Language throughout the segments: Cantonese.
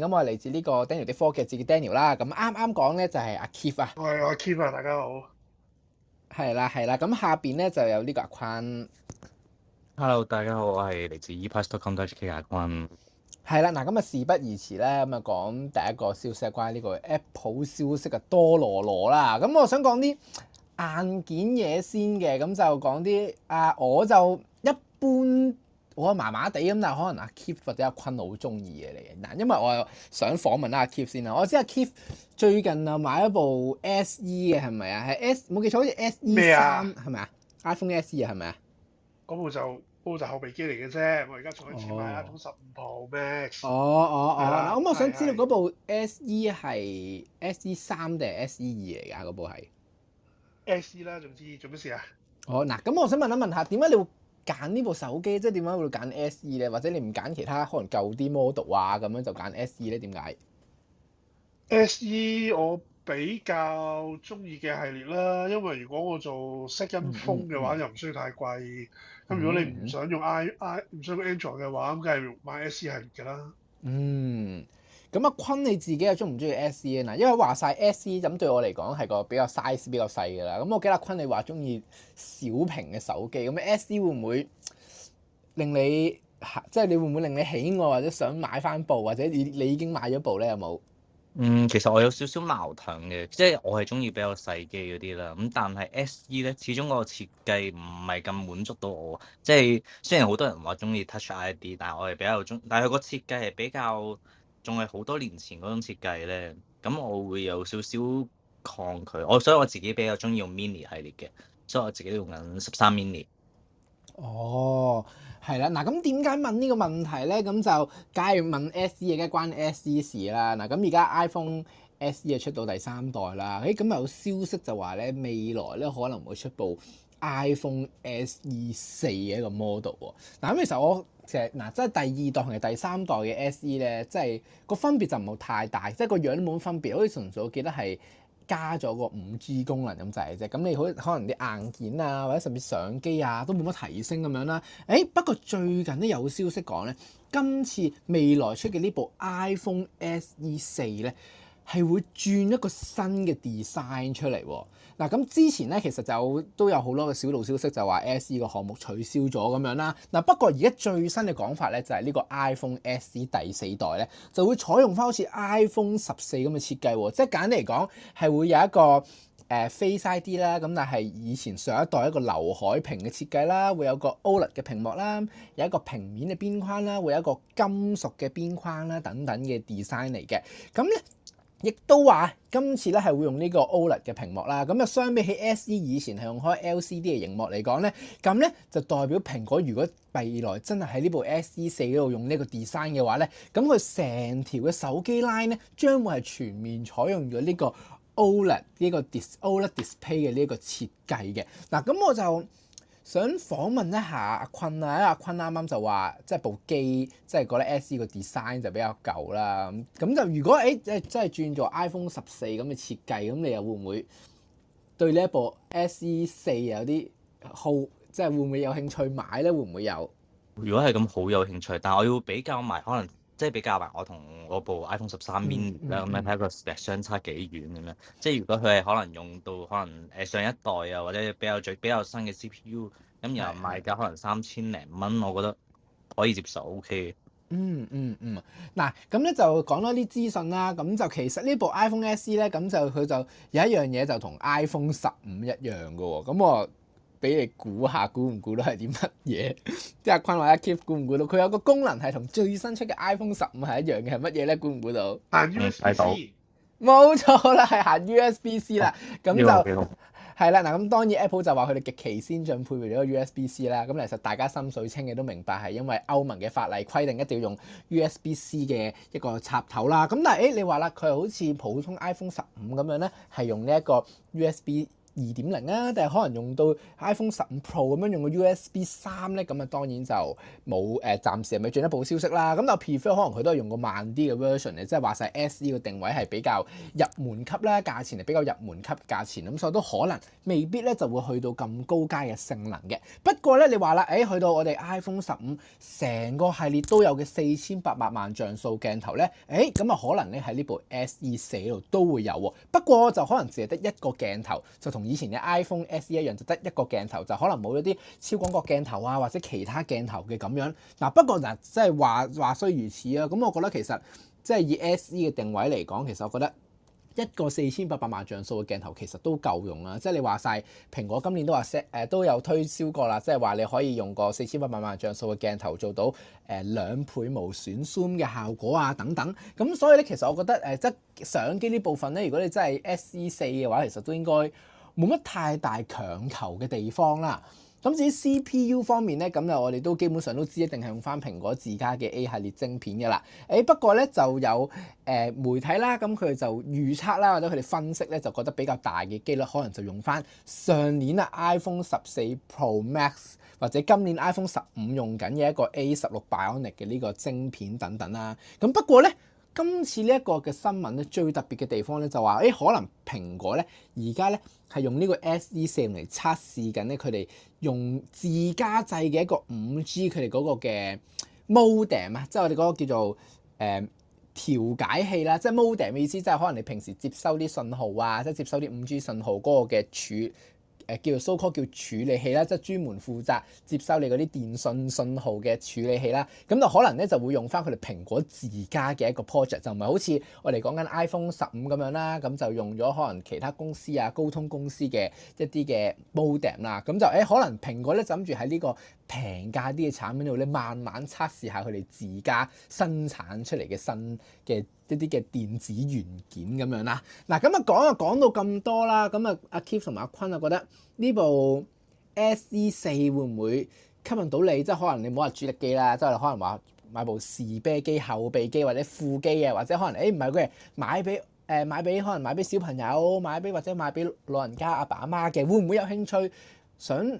咁我係嚟自呢個 Daniel 啲科技自己 Daniel 啦，咁啱啱講咧就係、是、阿 Keith 啊，我係、哎、阿 Keith 啊，大家好，係啦係啦，咁下邊咧就有呢個阿坤，Hello 大家好，我係嚟自 EPlus.com、mm hmm. 的 HK 阿坤，係啦，嗱咁啊事不宜遲啦，咁啊講第一個消息，關於呢個 Apple 消息嘅多羅羅啦，咁我想講啲硬件嘢先嘅，咁就講啲啊，我就一般。我麻麻地咁，但係可能阿 Keep 或者阿坤好中意嘅嚟嘅。嗱，因為我想訪問下阿 Keep 先啦。我知阿 Keep 最近啊買一部 SE 嘅係咪啊？係 S 冇記錯好似 SE 三係咪啊？iPhone SE 啊係咪啊？嗰部就嗰部就後備機嚟嘅啫。我而家坐喺前面啊，仲十五部 Max。哦哦哦，咁我想知道嗰部 SE 係 SE 三定係 SE 二嚟㗎？嗰部係 SE 啦，總之做乜事啊？哦，嗱，咁我想問一問下，點解你會揀呢部手機即係點解會揀 SE 咧？或者你唔揀其他可能舊啲 model 啊咁樣就揀 SE 咧？點解？SE 我比較中意嘅系列啦，因為如果我做 second phone 嘅話，又唔需要太貴。咁、mm hmm。如果你唔想用 I I 唔想用 Android 嘅話，咁梗係買 SE 系列㗎啦。嗯、mm。Hmm. 咁阿坤你自己又中唔中意 SE 啊？因為話晒 SE 咁對我嚟講係個比較 size 比較細㗎啦。咁我記得阿坤你話中意小屏嘅手機，咁 SE 會唔會令你即係你會唔會令你喜愛或者想買翻部，或者你已經買咗部咧？有冇？嗯，其實我有少少矛盾嘅，即係我係中意比較細機嗰啲啦。咁但係 SE 咧，始終嗰個設計唔係咁滿足到我。即係雖然好多人話中意 Touch ID，但係我係比較中，但係佢個設計係比較。仲係好多年前嗰種設計咧，咁我會有少少抗拒，我所以我自己比較中意用 mini 系列嘅，所以我自己都用緊十三 mini。哦，係啦，嗱咁點解問呢個問題咧？咁就假如問 SE 嘅，梗係關 SE 事啦。嗱咁而家 iPhone SE 出到第三代啦，誒咁有消息就話咧，未來咧可能會出部 iPhone SE 四嘅一個 model，嗱，咁其實我，其實嗱即係第二代同埋第三代嘅 SE 咧，即係個分別就冇太大，即係個樣都冇乜分別，好似純粹我記得係加咗個 5G 功能咁就係啫。咁你好可能啲硬件啊，或者甚至相機啊都冇乜提升咁樣啦、啊。誒、哎、不過最近都有消息講咧，今次未來出嘅呢部 iPhone SE 四咧。係會轉一個新嘅 design 出嚟喎。嗱咁之前咧，其實就都有好多嘅小道消息就話 SE 個項目取消咗咁樣啦、啊。嗱不過而家最新嘅講法咧，就係、是、呢個 iPhone SE 第四代咧就會採用返好似 iPhone 十四咁嘅設計、啊，即係簡單嚟講係會有一個誒、呃、Face ID 啦，咁但係以前上一代一個劉海屏嘅設計啦，會有個 OLED 嘅屏幕啦，有一個平面嘅邊框啦，會有一個金屬嘅邊框啦，等等嘅 design 嚟嘅。咁咧。亦都話今次咧係會用呢個 OLED 嘅屏幕啦，咁啊相比起 SE 以前係用開 LCD 嘅螢幕嚟講咧，咁咧就代表蘋果如果未來真係喺呢部 SE 四嗰度用呢個 design 嘅話咧，咁佢成條嘅手機 line 咧將會係全面採用咗呢個 OLED 呢個 dis OLED display 嘅呢個設計嘅。嗱，咁我就，想訪問一下阿坤啊，因為阿坤啱啱就話，即係部機，即係覺得 SE 個 design 就比較舊啦。咁就如果、欸、即誒真係轉做 iPhone 十四咁嘅設計，咁你又會唔會對呢一部 SE 四有啲好，即係會唔會有興趣買咧？會唔會有？如果係咁，好有興趣，但我要比較埋可能。即係比較埋我同我部 iPhone 十三 mini 咁樣睇一個 Spec 相差幾遠咁樣。嗯嗯、即係如果佢係可能用到可能誒上一代啊，或者比較最比較新嘅 CPU，咁又賣價可能三千零蚊，我覺得可以接受，OK 嗯嗯嗯，嗱咁咧就講多啲資訊啦。咁就其實部呢部 iPhone SE 咧，咁就佢就有一樣嘢就同 iPhone 十五一樣嘅喎。咁我。俾你估下，估唔估到係啲乜嘢？即係阿坤話啊，Keep 估唔估到？佢有個功能係同最新出嘅 iPhone 十五係一樣嘅，係乜嘢咧？估唔估到？USB C，行 USB C，冇錯啦，係行 USB C 啦。咁、啊、就係啦嗱，咁當然 Apple 就話佢哋極其先進，配備咗個 USB C 啦。咁其實大家心水清嘅都明白，係因為歐盟嘅法例規定一定要用 USB C 嘅一個插頭啦。咁但係誒、欸，你話啦，佢好似普通 iPhone 十五咁樣咧，係用呢一個 USB。二點零啊，定係可能用到 iPhone 十五 Pro 咁樣用個 USB 三咧，咁啊當然就冇誒，暫時係未進一步消息啦。咁但係 prefer 可能佢都係用個慢啲嘅 version 嚟，即係話晒 SE 個定位係比較入門級啦，價錢係比較入門級價錢，咁所以都可能未必咧就會去到咁高階嘅性能嘅。不過咧你話啦，誒、欸、去到我哋 iPhone 十五成個系列都有嘅四千八百萬像素鏡頭咧，誒咁啊可能咧喺呢部 SE 四度都會有喎。不過就可能淨係得一個鏡頭就同。以前嘅 iPhone SE 一樣，就得一個鏡頭，就可能冇一啲超廣角鏡頭啊，或者其他鏡頭嘅咁樣嗱。不過嗱，即係話話雖如此啊。咁我覺得其實即係以 SE 嘅定位嚟講，其實我覺得一個四千八百萬像素嘅鏡頭其實都夠用啦、啊。即係你話晒，蘋果今年都話 set 誒都有推銷過啦，即係話你可以用個四千八百萬像素嘅鏡頭做到誒、呃、兩倍無損 zoom 嘅效果啊，等等。咁所以咧，其實我覺得誒、呃、即係相機呢部分咧，如果你真係 SE 四嘅話，其實都應該。冇乜太大強求嘅地方啦。咁至於 CPU 方面咧，咁就我哋都基本上都知一定係用翻蘋果自家嘅 A 系列晶片嘅啦。誒不過咧就有誒、呃、媒體啦，咁佢就預測啦，或者佢哋分析咧，就覺得比較大嘅機率可能就用翻上年啊 iPhone 十四 Pro Max 或者今年 iPhone 十五用緊嘅一個 A 十六 Bionic 嘅呢個晶片等等啦。咁不過咧。今次呢一個嘅新聞咧，最特別嘅地方咧就話，誒、欸、可能蘋果咧而家咧係用呢個 S E 四嚟測試緊咧，佢哋用自家製嘅一個五 G 佢哋嗰個嘅 modem 啊，即係我哋嗰個叫做誒、呃、調解器啦，即係 modem 嘅意思，即係可能你平時接收啲信號啊，即係接收啲五 G 信號嗰個嘅處。誒叫做 SoC 叫處理器啦，即係專門負責接收你嗰啲電訊信號嘅處理器啦，咁就可能咧就會用返佢哋蘋果自家嘅一個 project，就唔係好似我哋講緊 iPhone 十五咁樣啦，咁就用咗可能其他公司啊高通公司嘅一啲嘅 modem 啦，咁就誒可能蘋果咧就諗住喺呢個。平價啲嘅產品度咧，你慢慢測試下佢哋自家生產出嚟嘅新嘅一啲嘅電子元件咁樣啦。嗱，咁啊講啊講到咁多啦，咁啊阿 Kief 同埋阿坤啊，覺得呢部 SE 四會唔會吸引到你？即、就、係、是、可能你冇好話主力機啦，即、就、係、是、可能話買部時啤機、後備機或者副機啊，或者可能誒唔係佢係買俾誒、呃、買俾可能買俾小朋友買俾或者買俾老人家阿爸阿媽嘅，會唔會有興趣想？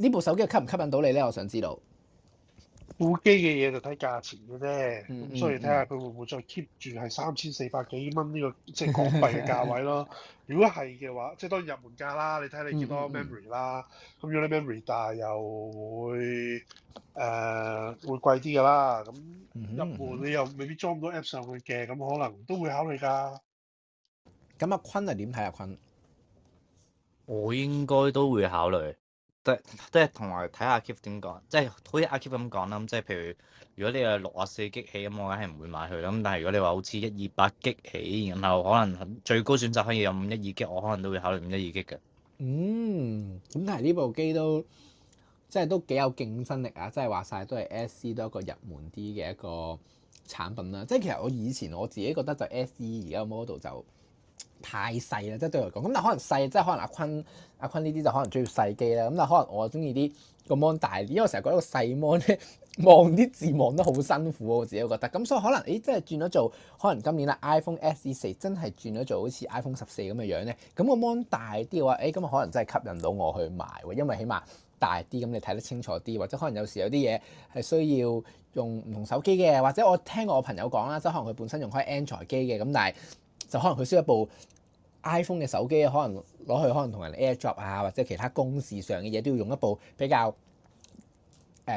呢部手機吸唔吸引到你咧？我想知道部機嘅嘢就睇價錢嘅啫，嗯嗯嗯，所以睇下佢會唔會再 keep 住係三千四百幾蚊呢個即係港幣嘅價位咯。 如果係嘅話，即係當然入門價啦。你睇你幾多 memory 啦，咁、嗯嗯、如果你 memory 大又會誒、呃、會貴啲㗎啦。咁入門你又未必裝唔到 app 上去嘅，咁可能都會考慮㗎。咁、嗯嗯嗯、阿坤係點睇？阿坤，我應該都會考慮。都係同埋睇下 Keep 點講，即係好似阿 Keep 咁講啦，咁即係譬如如果你係六啊四激起，咁我梗係唔會買佢啦。咁但係如果你話好似一二八激起，然後可能最高選擇可以有五一二激，我可能都會考慮五一二激嘅。嗯，咁但係呢部機都即係都幾有競爭力啊！即係話晒都係 S E 多一個入門啲嘅一個產品啦。即係其實我以前我自己覺得就 S E 而家 model 就。太細啦，即係對我嚟講，咁但可能細，即係可能阿坤、阿坤呢啲就可能中意細機啦。咁但可能我中意啲個 mon 大啲，因為我成日覺得個細 mon 咧，望 啲字望得好辛苦、啊，我自己都覺得。咁所以可能，誒，即係轉咗做，可能今年咧 iPhone SE 四真係轉咗做好似 iPhone 十四咁嘅樣咧。咁、那個 mon 大啲嘅話，誒、欸，咁可能真係吸引到我去買，因為起碼大啲，咁你睇得清楚啲，或者可能有時有啲嘢係需要用唔同手機嘅，或者我聽我朋友講啦，即係可能佢本身用開 Android 機嘅，咁但係，就可能佢需要一部 iPhone 嘅手機，可能攞去可能同人 AirDrop 啊，或者其他公事上嘅嘢，都要用一部比較。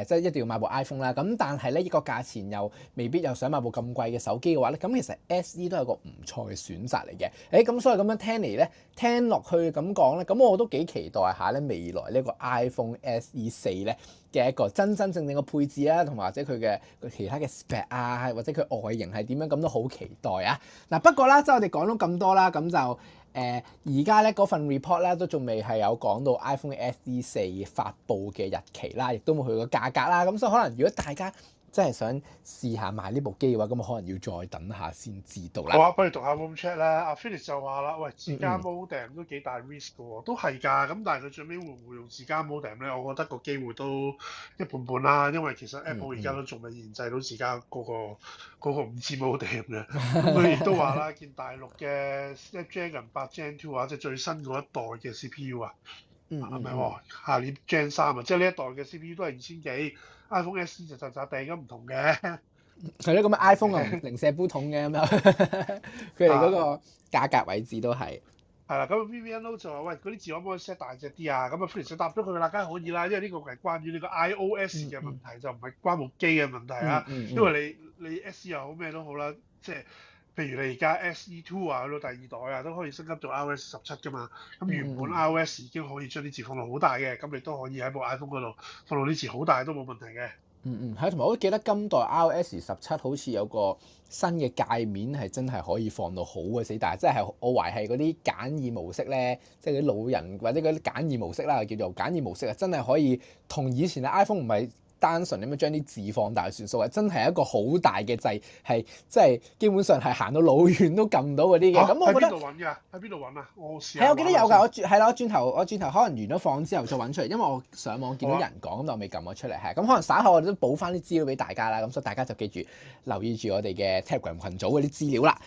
誒，即係一定要買部 iPhone 啦，咁但係咧，呢個價錢又未必又想買部咁貴嘅手機嘅話咧，咁其實 SE 都係個唔錯嘅選擇嚟嘅。誒、欸，咁所以咁樣 Tenny 咧，聽落去咁講咧，咁我都幾期待下咧未來呢個 iPhone SE 四咧嘅一個真真正正嘅配置啊，同埋或者佢嘅其他嘅 spec 啊，或者佢外形係點樣，咁都好期待啊！嗱，不過啦，即係我哋講到咁多啦，咁就。誒而家咧份 report 咧都仲未係有講到 iPhone 嘅 SE 四發布嘅日期啦，亦都冇佢個價格啦，咁所以可能如果大家，即係想試下買呢部機嘅話，咁可能要再等下先知道啦。好啊，不如讀下 Room Chat 咧。阿 Felix 就話啦，喂，自家 Modem、嗯、都幾大 risk 嘅喎、哦，都係㗎。咁但係佢最尾會唔會用自家 Modem 咧？我覺得個機會都一半半啦。因為其實 Apple 而家都仲未研製到自家嗰、嗰個嗰五 G Modem 嘅。佢、那、亦、個、 都話啦，見大陸嘅 Snapdragon 八 Gen Two 啊，即係最新嗰一代嘅 CPU 啊，係咪、嗯嗯？下年 Gen 三啊，即係呢一代嘅 CPU 都係二千幾。S iPhone S 就就就地而家唔同嘅，係咯。咁啊 iPhone 啊零舍煲筒嘅，咁又佢哋嗰個價格位置都係係啦。咁 Vivian 就話喂，嗰啲字可唔可以 set 大隻啲啊？咁、NO、啊 Frank 就答咗佢啦，梗係可以啦，因為呢個係關於呢個 iOS 嘅問題，嗯嗯就唔係關部機嘅問題啊，嗯嗯嗯因為你你 S 又好咩都好啦，即、就、係、是。譬如你而家 S E Two 啊，去到第二代啊，都可以升級到 iOS 十七噶嘛。咁原本 iOS 已經可以將啲字放到好大嘅，咁你都可以喺部 iPhone 嗰度放到啲字好大都冇問題嘅，嗯。嗯嗯，係同埋我都記得今代 iOS 十七好似有個新嘅界面係真係可以放到好嘅死但大，即係我懷係嗰啲簡易模式咧，即係啲老人或者嗰啲簡易模式啦，叫做簡易模式啊，真係可以同以前嘅 iPhone 唔係～單純咁樣將啲字放大算數啊！真係一個好大嘅掣，係即係基本上係行到老遠都撳到嗰啲嘅。咁我喺邊度揾㗎？喺邊度揾啊？我試下我記得有㗎。我轉係啦，我轉頭，我轉頭可能完咗放之後再揾出嚟，因為我上網見到人講，咁、啊、我未撳我出嚟。係咁、嗯，可能稍後我哋都補翻啲資料俾大家啦。咁所以大家就記住留意住我哋嘅 Telegram 群組嗰啲資料啦。